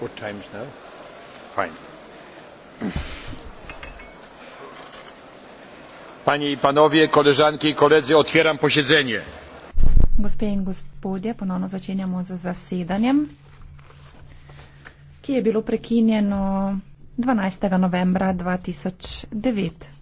what time is now? Fine. Panie i panowie, koleżanki i koledzy, otwieram posiedzenie. Gospodzie i gospodzie, ponownie zaczynamy z zasiedaniem, które było prekinjeno 12. novembra 2009.